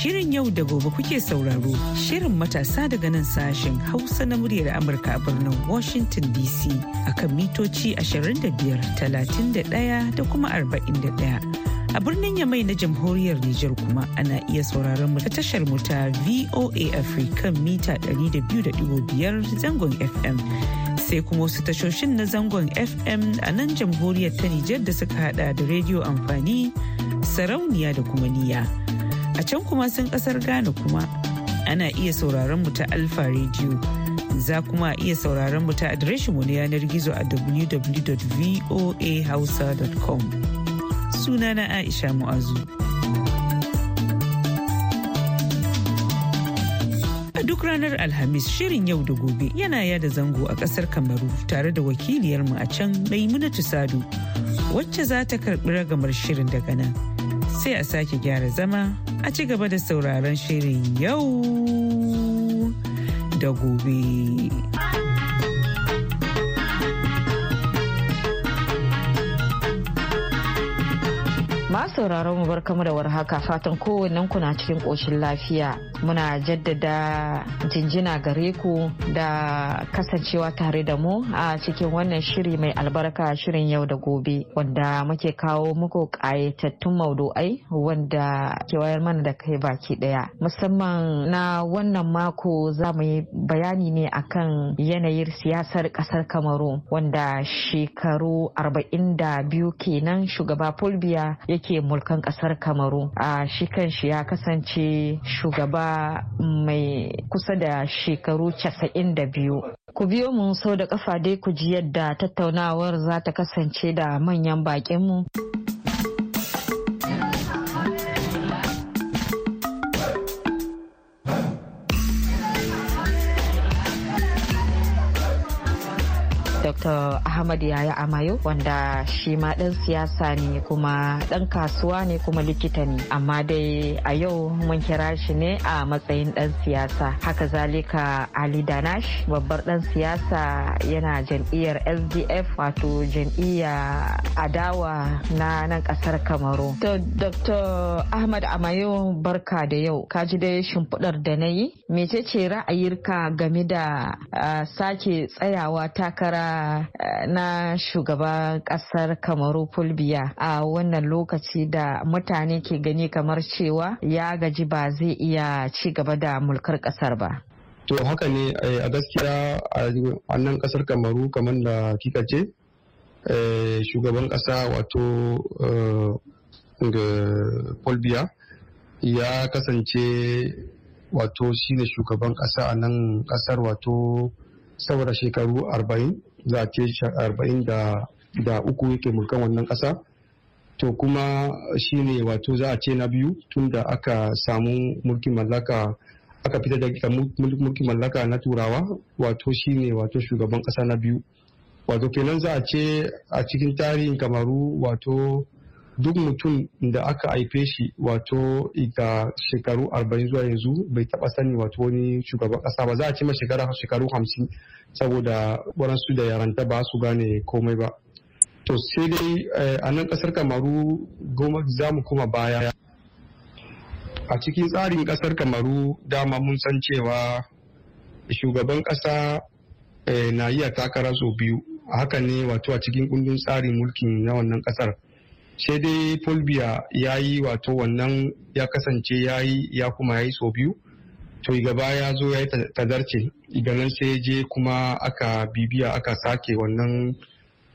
Shirin yau da gobe kuke sauraro, Shirin matasa daga nan sashen Hausa na muryar Amurka a birnin Washington DC a kan mitoci 25, 31 da kuma 41. a birnin yamai na jamhuriyar Nijar kuma ana iya sauraron mu ta tashar mu ta VOA Africa mita 200.5 zangon FM. Sai kuma wasu tashoshin na zangon FM a nan jamhuriyar ta Nijar da suka hada da rediyo amfani, sarauniya da kuma niya. A can kuma sun kasar Ghana kuma ana iya sauraron mu ta Alfa Radio. Za kuma a iya sauraron mu ta adireshin mu na yanar gizo a www.voahausa.com. na Aisha Mu'azu. a duk ranar alhamis shirin yau da gobe yana yada zango a kasar kamaru tare da wakiliyarmu a can maimunatu sadu wacce za ta karbi ragamar shirin daga nan sai a sake gyara zama a ci gaba da sauraron shirin yau da gobe. Ma sauraron mu kama da warhaka fatan kowannen na cikin ƙoshin lafiya. muna jaddada jinjina gare ku da kasancewa tare da mu a cikin wannan shiri mai albarka shirin yau da gobe wanda muke kawo muku ƙayatattun maudu'ai wanda ke wayar mana da kai baki ɗaya musamman na wannan mako za mu yi bayani ne akan yanayin siyasar ƙasar kamaru wanda shekaru 42 kenan shugaba fulbiya yake mulkan ƙasar kamaru a shi kanshi ya kasance shugaba mai kusa da shekaru 92. Ku biyo mu sau da kafa dai ku ji yadda tattaunawar za ta kasance da manyan baƙinmu. dr ahmad yaya amayo wanda shi ma dan siyasa ne kuma dan kasuwa ne kuma likita ne amma dai a yau mun kira shi ne a matsayin dan siyasa haka zalika ali danash babbar dan siyasa yana jam'iyyar sdf wato jam'iyya adawa na nan kasar kamaru to dr ahmad amayo barka da yau ka kaji dai shimfiɗar da na yi mecece ra'ayirka game da ah, sake tsayawa takara na shugaban kasar kamaru fulbiya a wannan lokaci da mutane ke gani kamar cewa ya gaji ba zai iya ci gaba da mulkar kasar ba to haka ne eh, a gaskiya a nan kasar kamaru kamar da kika ce eh, shugaban kasa wato Fulbiya eh, ya kasance wato shi shine shugaban kasa a nan kasar wato saboda shekaru arba'in za ce arba'in da uku yake mulkan wannan ƙasa to kuma shine wato za a ce na biyu tunda da aka samu mulkin mallaka aka fitar da mulkin mallaka na turawa wato shine wato shugaban ƙasa na biyu wato kenan za a ce a cikin tarihin kamaru wato duk mutum da aka haife shi wato ga shekaru 40 zuwa yanzu bai taba sani wato wani shugaban kasa ba za a ce ma shekara shekaru 50 saboda waransu da yaranta ba su gane komai ba to sai dai eh, a nan kasar kamaru goma za mu kuma baya a cikin tsarin kasar kamaru dama mun san cewa shugaban kasa eh, na iya takara sau biyu hakan ne wato a cikin kundin tsarin mulkin na wannan kasar sai dai fulbiya ya yi wato wannan ya kasance ya yi ya kuma ya yi so biyu to gaba ya zo ya yi tazarce ganin sai je kuma aka bibiya aka sake wannan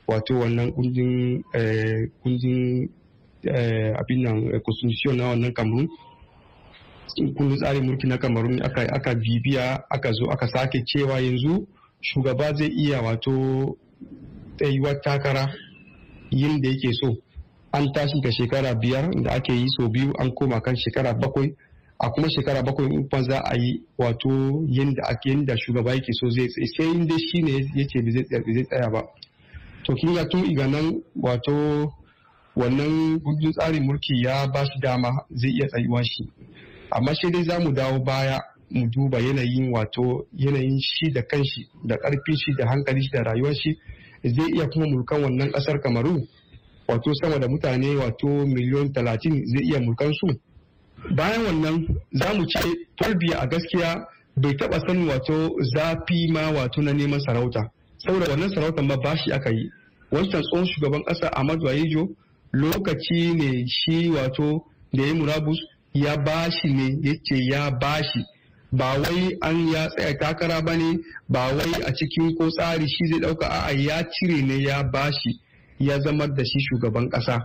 wato wannan kundin eh, kundin eh, abin nan eh, constitution na wannan kamarun kundin tsarin mulki na kamarun aka bibiya aka zo aka sake cewa yanzu shugaba zai iya wato tsayuwar takara yin da yake so an tashi ga shekara biyar da ake yi so biyu an koma kan shekara bakwai a kuma shekara bakwai in za a yi wato yadda ake yadda shugaba yake so zai tsaye sai in dai shine yace bai zai tsaya ba to kin ga tun iga nan wato wannan gudun tsarin mulki ya ba shi dama zai iya tsayuwa shi amma shi dai za mu dawo baya mu duba yanayin wato yanayin shi da kanshi da karfin shi da hankali shi da rayuwar shi zai iya kuma mulkan wannan kasar kamaru wato sama da mutane wato miliyon talatin zai iya mulkan su bayan wannan za mu ce tarbiyya a gaskiya bai taba san wato zafi ma wato na neman sarauta saboda wannan sarauta ma bashi aka yi wancan tsohon shugaban ƙasa Ahmadu Ayijo lokaci ne shi wato da ya murabus ya bashi ne yace ya bashi ba wai an ya tsaya takara ba ne ba wai a cikin ko tsari shi zai dauka a'a ya cire ne ya bashi ya zama da shi shugaban ƙasa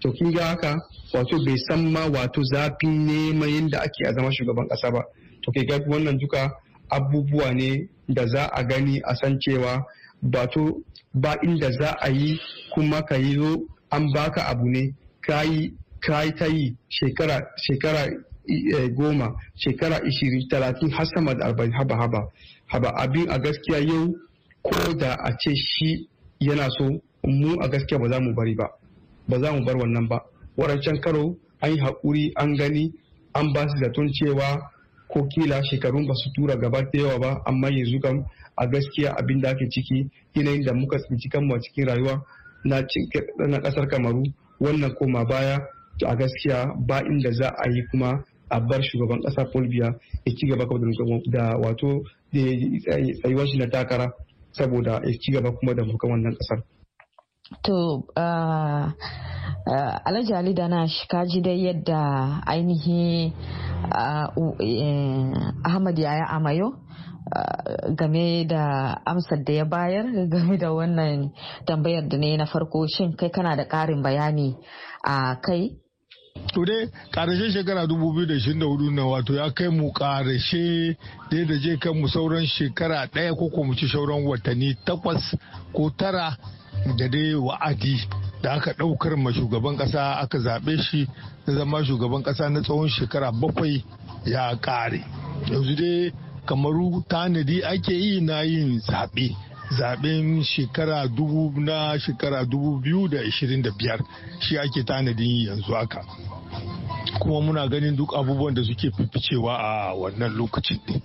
to kin ga haka wato bai san ma wato zafi neman yadda ake a zama shugaban ƙasa ba to ke ga wannan duka abubuwa ne da za a gani a san cewa bato ba inda za a yi kuma ka yi zo an baka abu ne ka yi ta yi shekara shekara eh, goma shekara ishirin talatin har sama da arba'in haba haba haba abin a gaskiya yau ko da a ce shi yana so mu a gaskiya ba za mu bari ba ba za mu bar wannan ba wadancan karo an yi haƙuri an gani an ba su zaton cewa ko kila shekarun ba su tura gaba da yawa ba amma yanzu kam a gaskiya abin da ake ciki yanayin da muka tsinci kanmu a cikin rayuwa na kasar kamaru wannan koma baya to a gaskiya ba inda za a yi kuma a bar shugaban kasa paul ya ci gaba da wato da tsayuwar shi na takara saboda ya ci gaba kuma da muka wannan kasar To, uh, uh, Alhaji Ali shi kaji dai yadda ainihi e, Ahmad ya Yaya Amayo game da amsar da ya bayar game da wannan tambayar da ne na farko shin kai kana da ƙarin bayani a kai? To dai ƙarshen shekara 2024 na wato ya kai mu ƙarashe da da je kan mu sauran shekara ɗaya ko kuma mu ci sauran watanni takwas ko tara da dai wa'adi da aka ɗaukar ma shugaban kasa aka zaɓe shi na zama shugaban kasa na tsawon shekara bakwai ya ƙare yanzu dai kamaru tanadi ake yi na yin zaɓe zaɓen shekara dubu na shekara dubu biyu da ishirin da biyar shi ake tanadin yanzu haka kuma muna ganin duk abubuwan da suke fificewa a wannan lokacin ɗin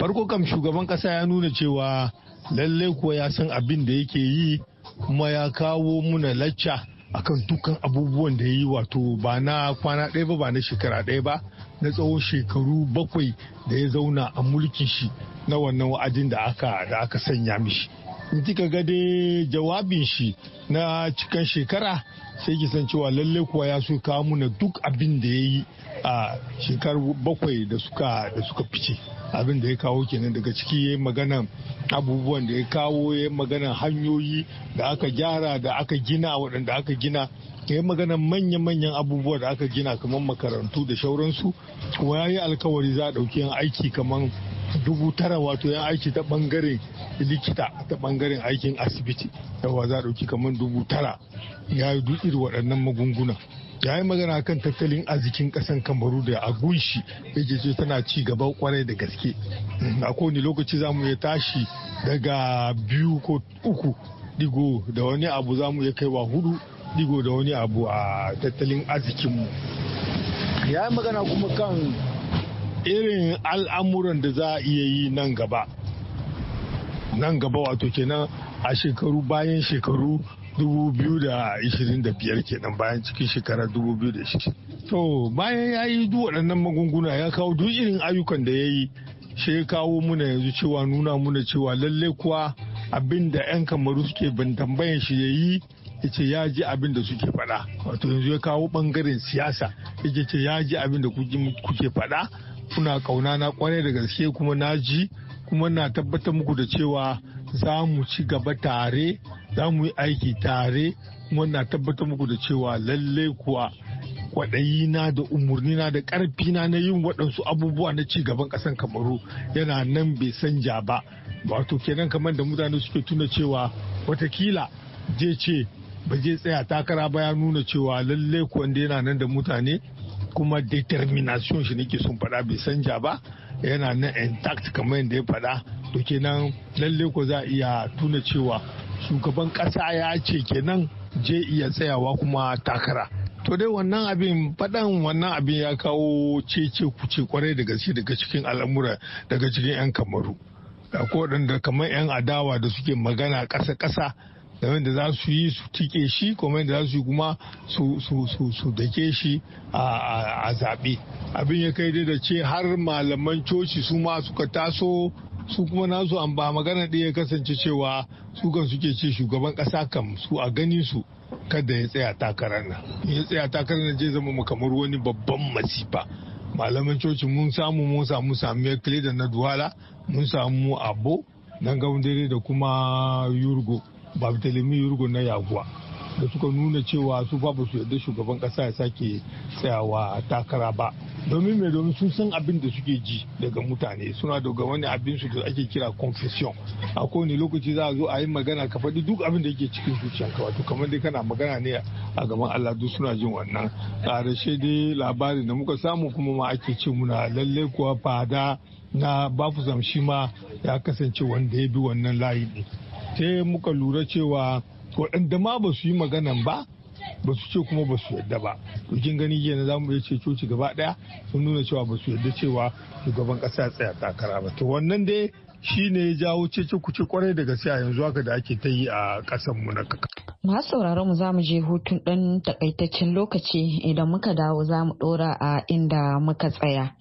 farko kam shugaban kasa ya nuna cewa lallai kuwa ya san abin da yake yi kuma ya kawo muna lacca akan dukkan abubuwan da ya yi wato ba na kwana ɗaya ba ba na shekara ɗaya ba na tsawon shekaru bakwai da ya zauna a mulkin shi na wannan wa'adin da aka da aka sanya mishi in kika ga dai jawabin shi na cikin shekara sai ki san cewa lalle kuwa ya so kawo muna duk abin da ya yi a shekar bakwai da suka da suka fice abin da ya kawo kenan daga ciki ya magana abubuwan da ya kawo ya magana hanyoyi da aka gyara da aka gina waɗanda aka gina ya yi magana manya-manyan abubuwa da aka gina kamar makarantu da shauransu kuma ya yi alkawari za a ɗauki aiki kamar dubu tara wato yan aiki ta bangaren likita ta bangaren aikin asibiti yawa za a ɗauki kamar dubu tara ya yi dutsir waɗannan magunguna ya yi magana kan tattalin arzikin kasan kamaru da gunshi. yake ce tana ci gaba kwarai da gaske a kowane lokaci za mu ya tashi daga biyu ko uku digo da wani abu za mu ya wa hudu digo da wani abu a tattalin arzikinmu ya yi magana kuma kan irin al'amuran da za a iya yi nan gaba nan gaba wato kenan a shekaru bayan shekaru 2025 kenan bayan cikin shekara 2020 to bayan ya yi duk waɗannan magunguna ya kawo duk irin ayyukan da ya yi shi ya kawo muna yanzu cewa nuna muna cewa lalle kuwa abin da 'yan kamaru suke ban tambayan shi ya yi ya ce ya ji abin da suke faɗa wato yanzu ya kawo ɓangaren siyasa ya ce ya ji abin da kuke faɗa kuna kauna na kwarai da gaske kuma na ji kuma na tabbatar muku da cewa za mu ci gaba tare za mu yi aiki tare kuma na tabbatar muku da cewa lallai kuwa Kwaɗayi na da umarnina da ƙarfina na yin waɗansu abubuwa na ci gaban ƙasan kamaru yana nan bai san ja ba wato kenan kamar da mutane suke tuna cewa watakila je ce ba zai tsaya takara ba ya nuna cewa lalle kuwa yana nan da mutane kuma determination shi nake sun faɗa bai sanja ba yana na intact kamar yadda ya faɗa to kenan lalle ko za a iya tuna cewa shugaban kasa ya ce kenan je iya tsayawa kuma takara to dai wannan abin faɗan wannan abin ya kawo cece kuce kwarai da gaske daga cikin al'amura daga cikin 'yan kamaru ko da kamar 'yan adawa da suke magana ƙasa-ƙasa da wanda za su yi su tike shi kuma yadda za su yi kuma su dake shi a zaɓe abin ya kai da ce har malaman coci su ma suka taso su kuma nasu an ba magana ɗaya kasance cewa su kan suke ce shugaban ƙasa kam su a gani su kada ya tsaya takarar nan ya tsaya takarar na zai zama mu kamar wani babban masifa malaman coci mun samu mun samu samiyar da na duwala mun samu abo gaban gaundare da kuma yurgo limi yurgo na yaguwa da suka nuna cewa su ba su yadda shugaban kasa ya sake tsayawa takara ba domin mai domin sun san abin da suke ji daga mutane suna daga wani abin su da ake kira confession a kowane lokaci za a zo a yi magana ka faɗi duk abin da yake cikin zuciyarka wato kamar dai kana magana ne a gaban Allah duk suna jin wannan ƙarashe dai labarin da muka samu kuma ma ake ce muna lalle kuwa fada na bafusam shi ma ya kasance wanda ya bi wannan layi ɗin sai muka lura cewa waɗanda ma ba su yi maganan ba ba su ce kuma ba su yadda ba kin gani jiya na zamu iya ce coci gaba ɗaya sun nuna cewa ba su yadda cewa shugaban ƙasa tsaya takara ba to wannan dai shi ne ya jawo cece kuce kwarai da gaske a yanzu haka da ake ta yi a ƙasan mu na kaka. Masu sauraron mu zamu je hutun ɗan takaitaccen lokaci idan muka dawo za mu ɗora a inda muka tsaya.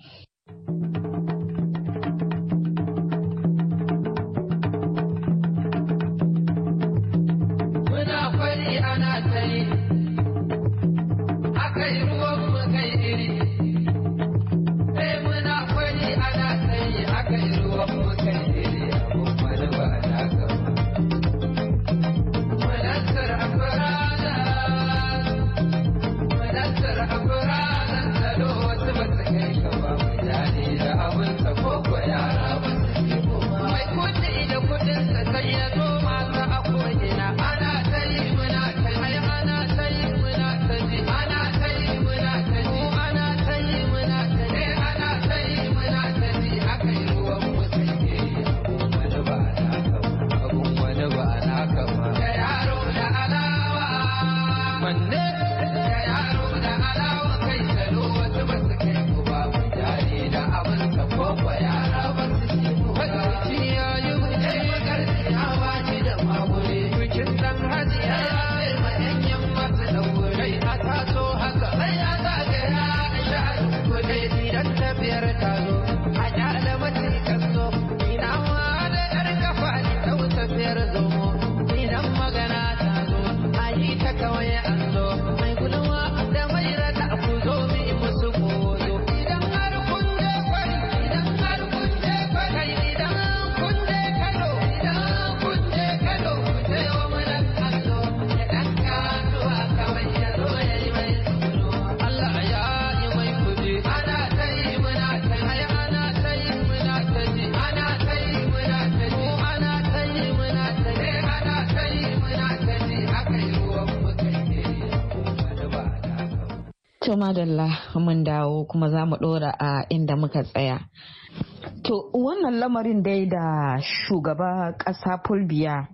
madalla mun dawo kuma za mu ɗora a inda muka tsaya. To wannan lamarin dai da shugaba ƙasa Fulbiya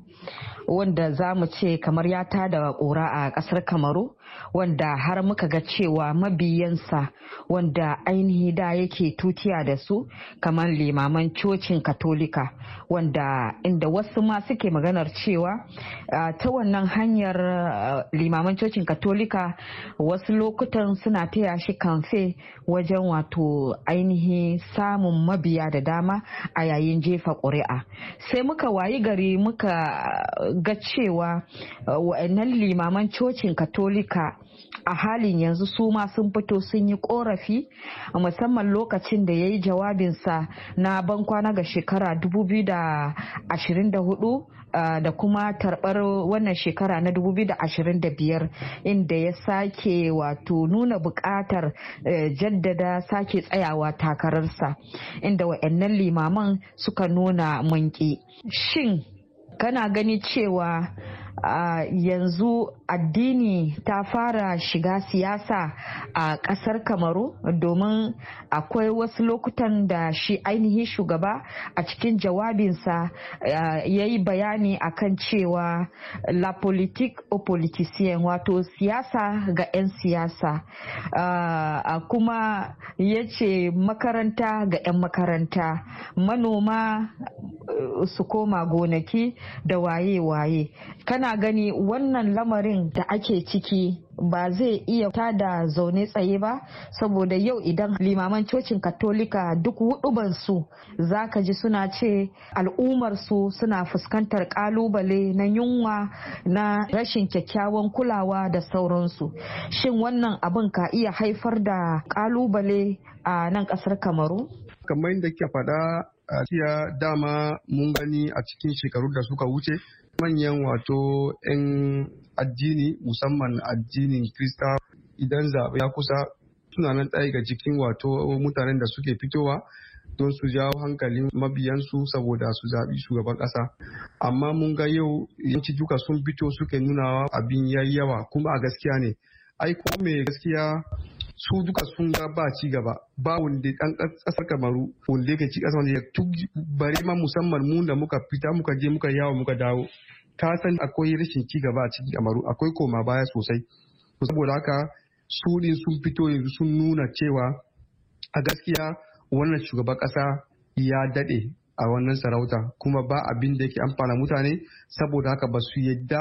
wanda za mu ce kamar ya tada ƙura a ƙasar Kamaru wanda har muka ga cewa mabiyansa wanda ainihi da yake tutiya da su kamar limaman cocin katolika wanda inda wasu ma suke maganar cewa ta wannan hanyar limaman cocin katolika wasu lokutan suna taya shi kamfe wajen wato ainihi samun mabiya da dama a yayin jefa ƙuri'a sai muka wayi gari muka ga cewa wa'annan limaman cocin katolika haka a halin yanzu su ma sun fito sun yi korafi musamman lokacin da ya yi jawabinsa na bankwana ga shekara 2024 Uh, da kuma tarbar wannan shekara na 2025 inda ya sake wato nuna bukatar e, jaddada sake tsayawa takararsa inda wa'annan limaman suka nuna munki shin kana gani cewa uh, yanzu addini ta fara shiga siyasa a uh, kasar kamaru domin akwai wasu lokutan da shi ainihin shugaba a cikin jawabinsa ya yi bayani akan cewa la politique au politicien wato siyasa ga 'yan siyasa kuma ya ce makaranta ga 'yan makaranta manoma eh, su koma gonaki da waye-waye kana ina gani wannan lamarin da ake ciki ba zai iya ta da zaune tsaye ba saboda yau idan limaman cocin katolika duk hudubansu za ka ji suna ce al'ummarsu suna fuskantar kalubale na yunwa na rashin kyakkyawan kulawa da sauransu shin wannan abin ka iya haifar da kalubale a nan kasar kamaru kamar yadda ke faɗa a dama mun gani a cikin shekaru da suka wuce manyan wato 'yan addini musamman addinin krista idan zaɓe ya kusa suna nan ɗaya ga cikin wato mutanen da suke fitowa don su jawo hankalin mabiyansu saboda su zaɓi shugaban ƙasa. Amma mun ga yau yanci duka sun fito suke nunawa abin yayi yawa kuma a gaskiya ne. Ai ko me gaskiya su duka sun ga ba ci gaba ba wanda dan kasar kamaru wanda yake ci kasar wanda tun bare ma musamman mu da muka fita muka je muka yawo muka dawo ka san akwai rashin ci gaba a cikin kamaru akwai koma baya sosai saboda haka su din sun fito yanzu sun nuna cewa a gaskiya wannan shugaban kasa ya dade a wannan sarauta kuma ba abin da yake amfana mutane saboda haka ba su yadda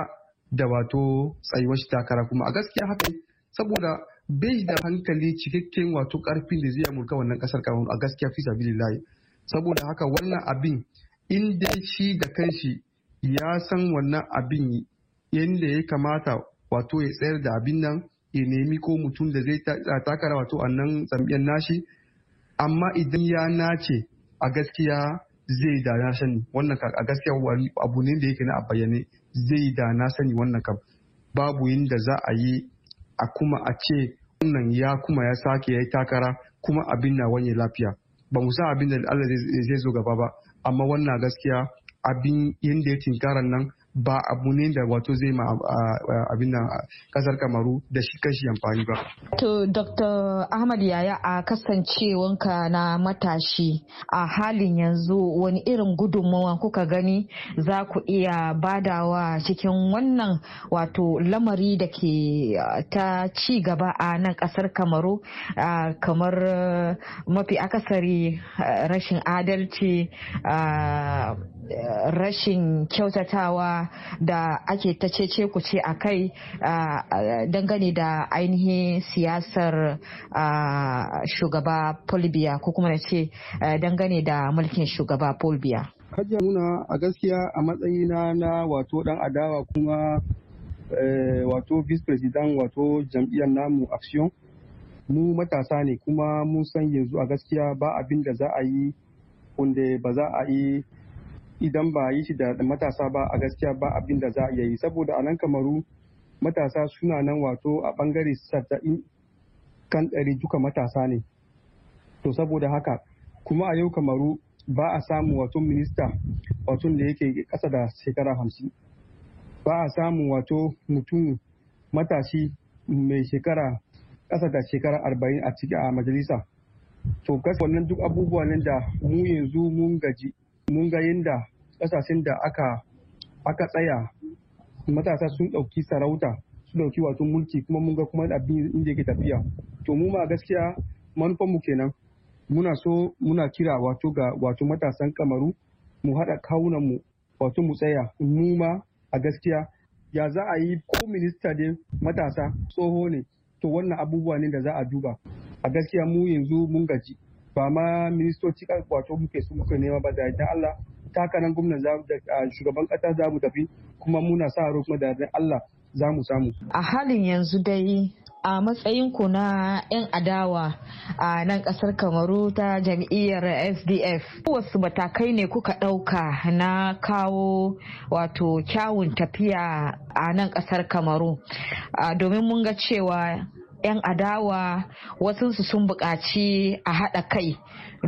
da wato tsayuwar shi takara kuma a gaskiya haka saboda bai da hankali cikakken wato karfin da zai amurka wannan kasar kamaru a gaskiya fi sabilillahi saboda haka wannan abin in dai shi da kanshi ya san wannan abin yadda ya kamata wato ya tsayar da abin nan ya nemi ko mutum da zai takara wato a nan tsambiyan nashi amma idan ya nace a gaskiya zai da na sani wannan a gaskiya abu ne da yake na a bayyane zai da na sani wannan kam babu yadda za a yi a kuma a ce wannan ya kuma ya sake ya yi takara kuma abin na wani lafiya ba mu san abin da Allah zai zo gaba ba amma wannan gaskiya abin yadda ya tinkarar nan ba abu ne da wato zai ma abin nan kasar kamaru da shi kashi amfani ba. To Dr. Ahmad Yaya a kasancewanka na matashi a halin yanzu wani irin gudunmawa kuka gani za ku iya badawa cikin wannan wato lamari da ke ta ci gaba a nan kasar kamaru kamar mafi akasari rashin adalci rashin kyautatawa da ake ta cece ku ce a kai dangane da ainihin siyasar shugaba Fulbiya ko kuma na ce dangane da mulkin shugaba Fulbiya. Hajjar muna a gaskiya a matsayina na wato dan adawa kuma e, wato vice president wato jam'iyyar namu action mu matasa ne kuma mun san yanzu a gaskiya ba abin da za a yi wanda ba za a yi idan ba a yi shi da matasa ba a gaskiya ba abin da za a yi saboda a nan kamaru matasa suna nan wato a bangare saba'in kan ɗari duka matasa ne to saboda haka kuma a yau kamaru ba a samu wato minista wato da yake ƙasa da shekara hamsin ba a samu wato mutum matashi mai shekara ƙasa da shekara arba'in a ciki a majalisa to gas wannan duk abubuwa abubuwan da mu yanzu mun gaji mun ga yadda ƙasashen da aka tsaya matasa sun ɗauki sarauta sun ɗauki wato mulki kuma mun ga kuma abin inda yake tafiya to mu ma gaskiya manufan mu kenan muna so muna kira wato ga wato matasan kamaru mu haɗa kawunan mu wato mu tsaya mu ma a gaskiya ya za a yi ko minista dai matasa tsoho ne to wannan abubuwa ne da za a duba a gaskiya mu yanzu mun gaji ba ma ministoci wato muke su muke nema ba da yardan Allah ta kanan gwamnan da shugaban kasa za mu tafi kuma muna sa haro kuma da yardan Allah za mu samu a halin yanzu dai a matsayin ku na 'yan adawa a nan kasar kamaru ta jam'iyyar sdf wasu matakai ne kuka ɗauka na kawo wato kyawun tafiya a nan kasar kamaru domin mun ga cewa 'yan adawa wasu sun buƙaci a haɗa kai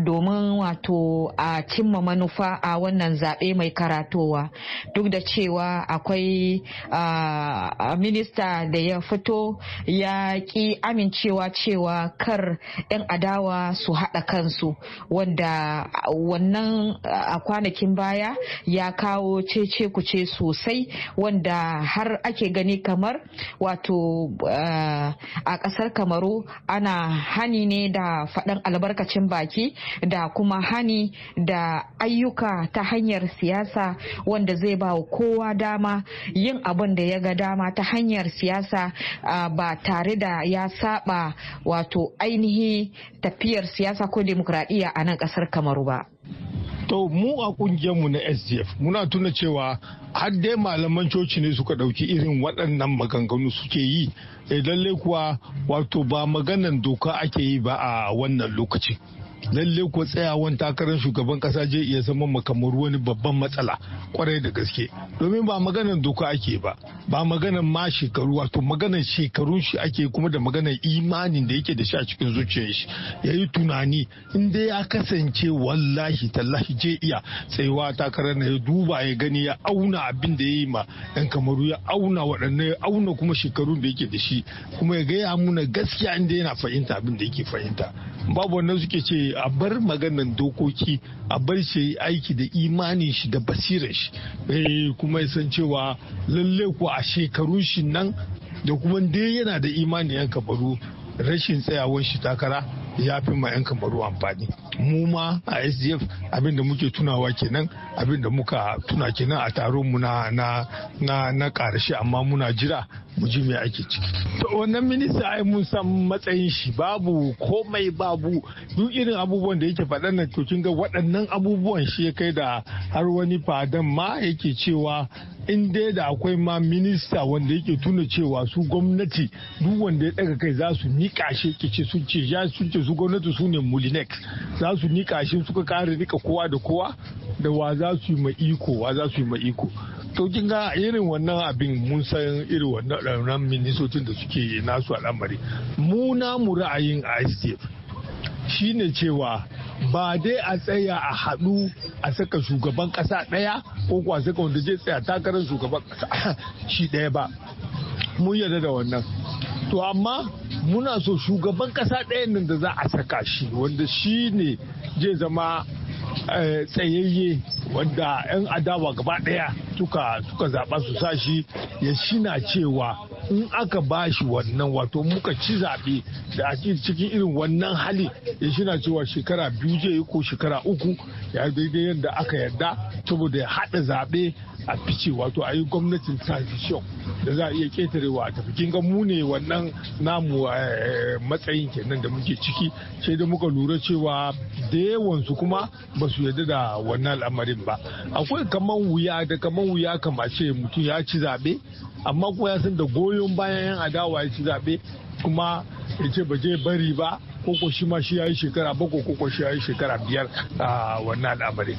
domin wato a cimma manufa a wannan zaɓe mai karatowa duk da cewa akwai minista da ya fito ya ƙi amincewa cewa kar 'yan adawa su haɗa kansu wanda wannan a kwanakin baya ya kawo cece kuce sosai wanda har ake gani kamar wato a a kasar kamaru ana hani ne da faɗan albarkacin baki da kuma hani da ayyuka ta hanyar siyasa wanda zai ba kowa dama yin abin da ya ga dama ta hanyar siyasa ba tare da ya saba wato ainihi tafiyar siyasa ko demokradiyya a nan kasar kamaru ba. To mu a kungiyarmu na SDF muna tuna cewa har dai malaman coci ne suka ɗauki irin waɗannan maganganu suke yi eh, lallai kuwa wato ba maganan doka ake yi ba a wannan lokacin. lalle ko tsayawan takarar shugaban kasa je iya zama makamar wani babban matsala kwarai da gaske domin ba maganar doka ake ba ba maganar ma shekaru wato maganar shekarun shi ake kuma da maganar imanin da yake da shi a cikin zuciyar shi ya yi tunani inda ya kasance wallahi tallahi je iya tsayuwa takarar na ya duba ya gani ya auna abin da ya yi ma yan kamaru ya auna waɗannan ya auna kuma shekarun da yake da shi kuma ya gaya muna gaskiya inda yana fahimta abin da yake fahimta babu wannan suke ce a bar maganan dokoki a bar shi aiki da imanin shi da basirar shi eh, kuma san cewa lalle ku a shekarun shi nan da kuma dai yana da imanin yan kabaru rashin tsayawar shi takara ya fi ma 'yan kamaru amfani mu ma a sdf abin da muke tunawa kenan abin da muka tuna kenan a taron mu na na na karshe amma muna jira mu ji me ake ciki to wannan minista ai mun san matsayin shi babu komai babu duk irin abubuwan da yake faɗan nan to kin ga waɗannan abubuwan shi ya kai da har wani fadan ma yake cewa in dai da akwai ma minista wanda yake tuna cewa su gwamnati duk wanda ya daga kai za su nika shi ke ce sun ce sun ce su gwamnati su ne mulinex za su nika shi suka kare nika kowa da kowa da wa za su yi ma iko wa za su yi ma iko to kin ga irin wannan abin mun san irin wannan ministocin da suke nasu al'amari mu na mu ra'ayin shi shine cewa ba dai a tsaya a haɗu a saka shugaban ƙasa ɗaya ko kuwa saka wanda zai tsaya takarar shugaban ƙasa shi ɗaya ba mun yarda da wannan to amma muna so shugaban kasa ɗayan nan da za a saka shi wanda shi ne zai zama eh, tsayayye wanda 'yan adawa gaba ɗaya suka zaɓa su sa shi ya shina cewa in aka ba shi wannan wato muka ci zaɓe da a cikin irin wannan hali ya shina cewa shekara biyu zai yi ko shekara uku ya daidai yadda aka yarda saboda ya haɗa zaɓe a fice wato a yi gwamnatin transition da za a iya ketarewa a tafi kin ga mu ne wannan namu eh, matsayin kenan da muke ciki sai da muka lura cewa da su kuma ba su yarda da wannan al'amarin ba akwai kamar wuya da kamar wuya kama ce mutum ya ci zaɓe amma kuma ya san da goyon bayan yan adawa ya ci zaɓe kuma ya ce ba je bari ba ko shi ma shi ya yi shekara bako ko shi ya yi shekara biyar a ah, wannan al'amarin.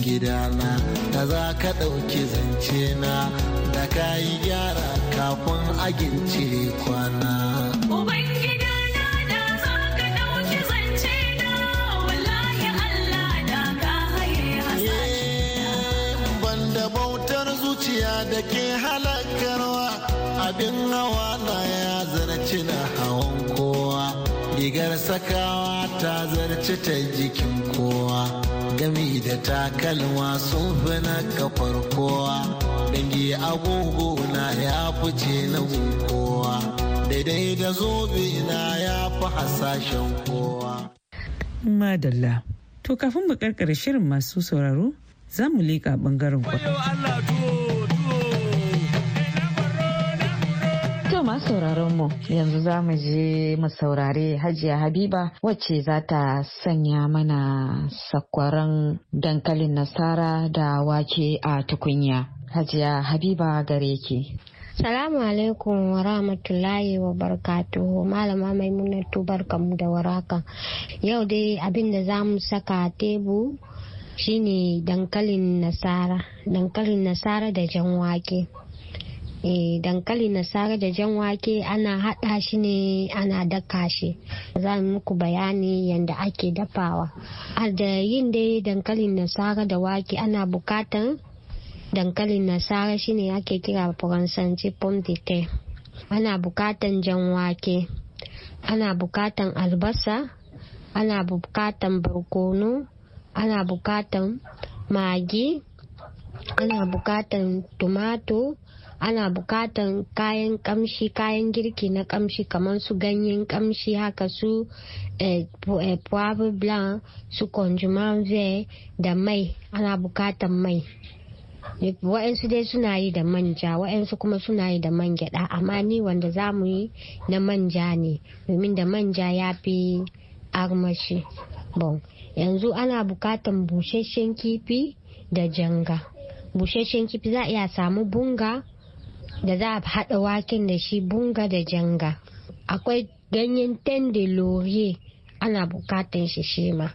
gidana da za ka ɗauki zance na da ka yi gyara kafin agin cire kwana. bautar zuciya da ke halakarwa abin hawa na ya zarci na hawan kowa rigar sakawa ta zarci ta jikin kowa gami da takalma sun fi na kafar kowa dangi agogo na ya fice na kowa daidai da zobe na ya fi hasashen kowa madalla to kafin mu ƙarƙare shirin masu sauraro za mu leƙa bangaren kwata mu yanzu za mu je mu saurare Hajiya Habiba wacce za ta sanya mana sakwaran dankalin nasara da wake a tukunya. Hajiya Habiba gare ki. Salamu alaikum wa rahmatullahi wa barakatuhu Malama Maimunatu barkamu da waraka. Yau dai abin da za mu saka tebu shine dankalin nasara, dankalin nasara da jan wake. e, dankali nasara da jan wake ana haɗa shi ne ana daka shi za muku bayani yadda ake dafawa a da yin dai dankalin nasara da wake ana bukatan dankalin nasara shine ake kira faransanci pomdite ana bukatan jan wake ana bukatan albasa ana bukatan barkono ana bukatan magi ana bukatan tumatur ana bukatan kayan kamshi kayan girki na kamshi kamar su ganyen kamshi haka su eh, eh, poivre blanc su conjument vert da mai ana bukatan mai wa'yansu dai suna yi da manja wa'yansu kuma suna yi da man gyada amma ni wanda za mu yi na manja ne domin da manja ya fi armashi bon yanzu ana bukatan busasshen kifi da janga busasshen kifi za a iya samu bunga da za a haɗa waken da shi bunga da janga akwai ganyen tendelore ana bukatan shi shema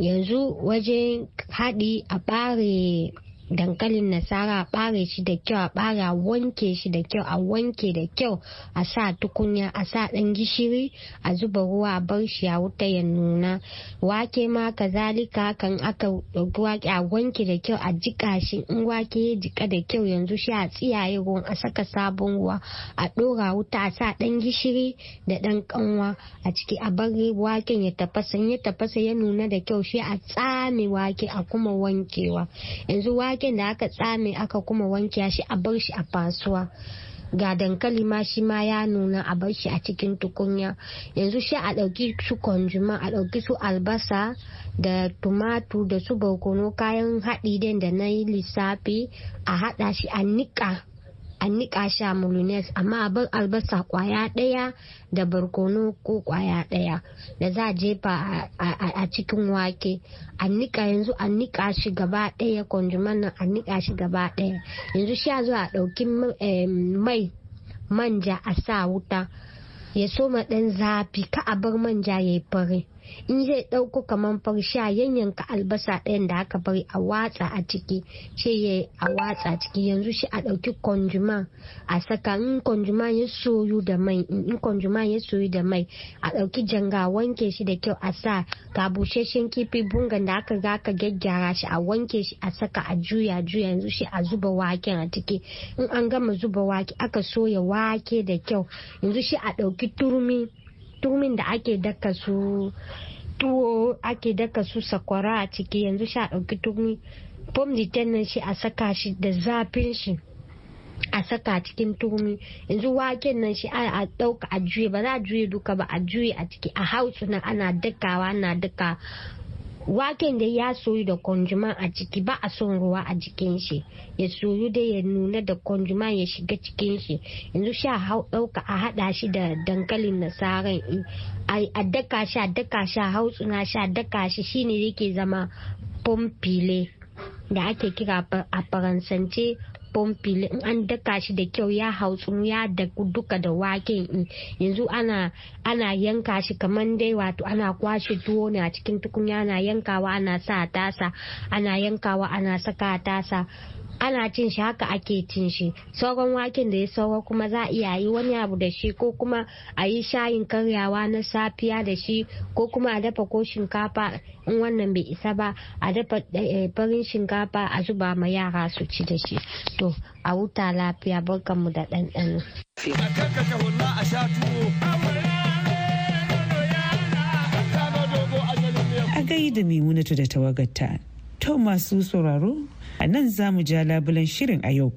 yanzu wajen haɗi a ɓare dankalin nasara a ɓare shi da kyau a ɓare a wanke shi da kyau a wanke da kyau a sa tukunya a sa ɗan gishiri a zuba ruwa a bar shi a wuta ya nuna wake ma kazalika kan aka ɗauki wake a wanke da kyau a jika shi in wake ya jika da kyau yanzu shi a tsiyaye ruwan a saka sabon ruwa a ɗora wuta a sa ɗan gishiri da ɗan kanwa a ciki a bari waken ya tafasa ya tafasa ya nuna da kyau shi a tsame wake a kuma wankewa yanzu wake waken da aka tsame aka kuma wanke shi a bar shi a fasuwa ga dankali ma shi ma ya nuna a bar shi a cikin tukunya yanzu shi a ɗauki su kwanjuma a ɗauki su albasa da tumatu da su barkono kayan haɗi da na yi lissafi a haɗa shi a niƙa a niƙa shi a amma a bar albasa kwaya ɗaya da barkono ko kwaya ɗaya da za a jefa a cikin wake a niƙa yanzu a niƙa shi gaba ɗaya kwanjuman nan a niƙa shi gaba ɗaya yanzu sha zuwa a ɗauki mai manja a sa wuta ya soma ɗan zafi ka a bar manja ya yi fari in zai ɗauko kaman farsha yanyanka albasa ɗayan da aka bari a watsa a ciki ce ya a watsa ciki yanzu shi a ɗauki konjuma a saka in konjuma ya soyu da mai in konjuma ya soyu da mai a ɗauki janga wanke shi da kyau a sa ga busheshen kifi bungan da aka ga aka gyaggyara shi a wanke shi a saka a juya juya yanzu shi a zuba waken a ciki in an gama zuba wake aka soya wake da kyau yanzu shi a ɗauki turmi tumin da ake daka su tuwo ake daka su sakwara a ciki yanzu sha ɗauki tumi pom nan shi a saka shi da zafin shi a saka cikin turmi yanzu waken nan shi a ɗauka a juye ba za a juye duka ba a juye a ciki a hausu nan ana dakawa ana daka waken da ya soyu da konjuma a ciki ba a son ruwa a jikin shi ya soyu da ya nuna da konjuma ya shiga cikin shi yanzu sha hau dauka a haɗa shi da dankalin nasaran a daka sha daka sha hautsuna sha daka shi shine yake zama pompile da ake kira a faransance pomfil in an daka shi da kyau ya hautsu ya da duka da waken yanzu ana ana yanka shi kamar dai wato ana kwashe tuwo ne a cikin tukunya ana yankawa ana sa tasa ana yankawa ana saka tasa ana cin shi haka ake cin shi sauran waken da ya saura kuma za a yi wani abu da shi ko kuma a yi shayin karyawa na safiya da shi ko kuma a dafa ko shinkafa in wannan bai isa ba a dafa eh, farin shinkafa a zuba ma yara su ci da shi to a huta lafiya barkanmu da ɗanɗano. a sha tuwo. a da tawagarta. To masu sauraro a nan za mu ja labulan shirin a yau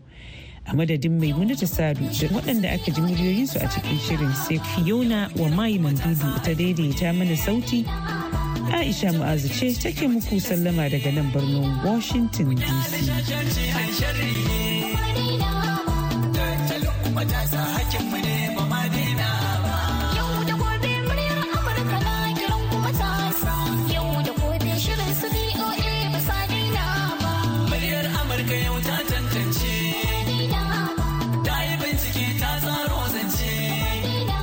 a madadin mai ta sadu da waɗanda aka ji muryoyinsu a cikin shirin sai fiona wa mai mandudu ta daidaita mana sauti aisha mu'azu ce take muku sallama daga nan birnin washington dc